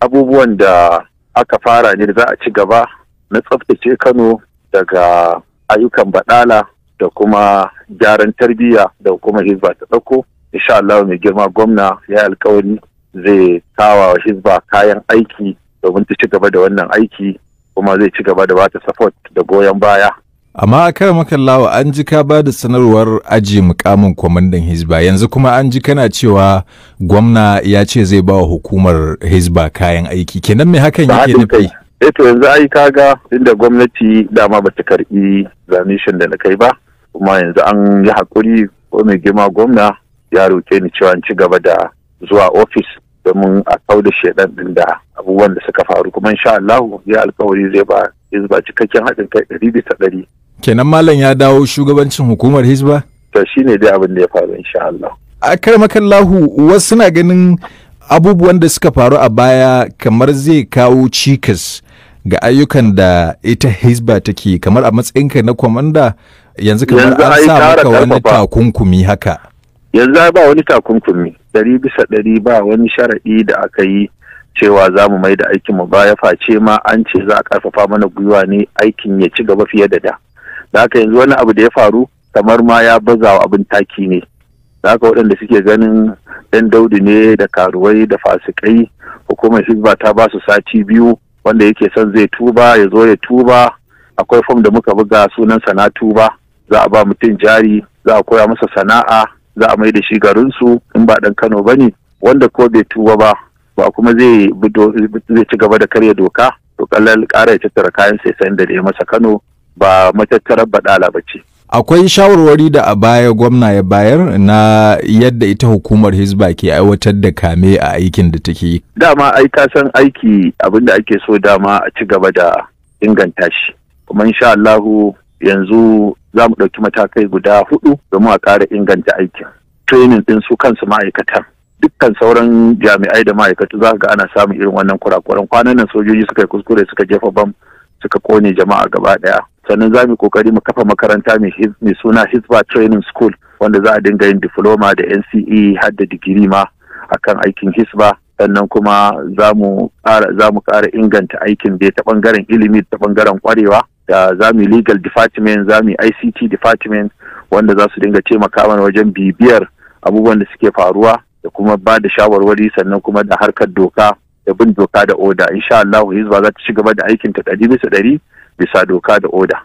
abubuwan da aka fara ne za a ci gaba na tsaftace kano daga ayyukan baɗala da kuma gyaran tarbiyya da kuma hizba ta ɗauko insha Allah mai girma gwamna ya alkawari zai kawa hizba kayan aiki domin ta ci gaba da wannan aiki kuma zai ci gaba da bata support da goyon baya amma a kan makallawa an ji ka ba da sanarwar aji mukamin kwamandan hizba yanzu kuma an ji kana cewa gwamna ya ce zai ba wa hukumar hizba kayan aiki kenan me hakan yake nufi eto eh yanzu ai kaga inda gwamnati dama ba ta karbi zamishin da na kai ba kuma yanzu an yi hakuri ko mai girma gwamna ya roke ni cewa ci gaba da zuwa ofis domin a kau da shedan din da abubuwan da suka faru kuma insha Allah ya alkawari zai ba hizba cikakken haɗin kai ɗari bisa ɗari. kenan malam ya dawo shugabancin hukumar hizba. shi ne dai abin da ya faru insha Allah. a karmakallahu wasu suna ganin abubuwan da suka faru a baya kamar zai kawo cikas ga ayyukan da ita hizba take kamar a matsayinka na kwamanda yanzu kamar an sa maka wani takunkumi haka yanzu ba wani takunkumi ɗari bisa ɗari ba wani sharaɗi da aka yi cewa za mu mai da aikin mu baya face ma an ce za a karfafa mana gwiwa ne aikin ya ci gaba fiye da da da haka yanzu wani abu da ya faru kamar ma ya bazawa abin taki ne da haka waɗanda suke ganin ɗan daudi ne da karuwai da fasikai hukumar hizba ta ba su sati biyu wanda yake son zai tuba ya zo ya tuba akwai fom da muka buga sunan sana tuba za a ba mutum jari za a koya masa sana'a za a mai da shi garinsu in ba ɗan kano ba ne wanda ko bai tuba ba ba kuma zai zai ci gaba da karya doka to kallal ƙara ya tattara kayan sai sayan da ya masa Kano ba matattarar badala ba ce. Akwai shawarwari da a baya gwamna ya bayar na yadda ita hukumar Hizba ke aiwatar da kame a aikin da take yi. Dama ai ka san aiki abinda ake so dama a ci gaba da inganta shi. Kuma insha Allah yanzu za mu ɗauki matakai guda hudu domin a ƙara inganta aikin. Training ɗin su kansu ma'aikatan. dukkan sauran jami'ai da ma'aikatu za ga ana samun irin wannan kurakuran kwanan nan sojoji suka yi kuskure suka jefa bam suka kone jama'a gaba daya sannan za mu kokari mu kafa makaranta mai suna hisba training school wanda za a dinga yin diploma da nce har da digiri ma akan aikin hisba sannan kuma za mu ƙara inganta aikin da ta ɓangaren ilimi ta bangaren kwarewa da za mu legal department za mu ict department wanda za su dinga taimaka mana wajen bibiyar abubuwan da suke faruwa da kuma ba da shawarwari sannan kuma da harkar doka da bin doka da oda insha Allah hizba za ta ci gaba da aikinta ɗari bisa ɗari bisa doka da oda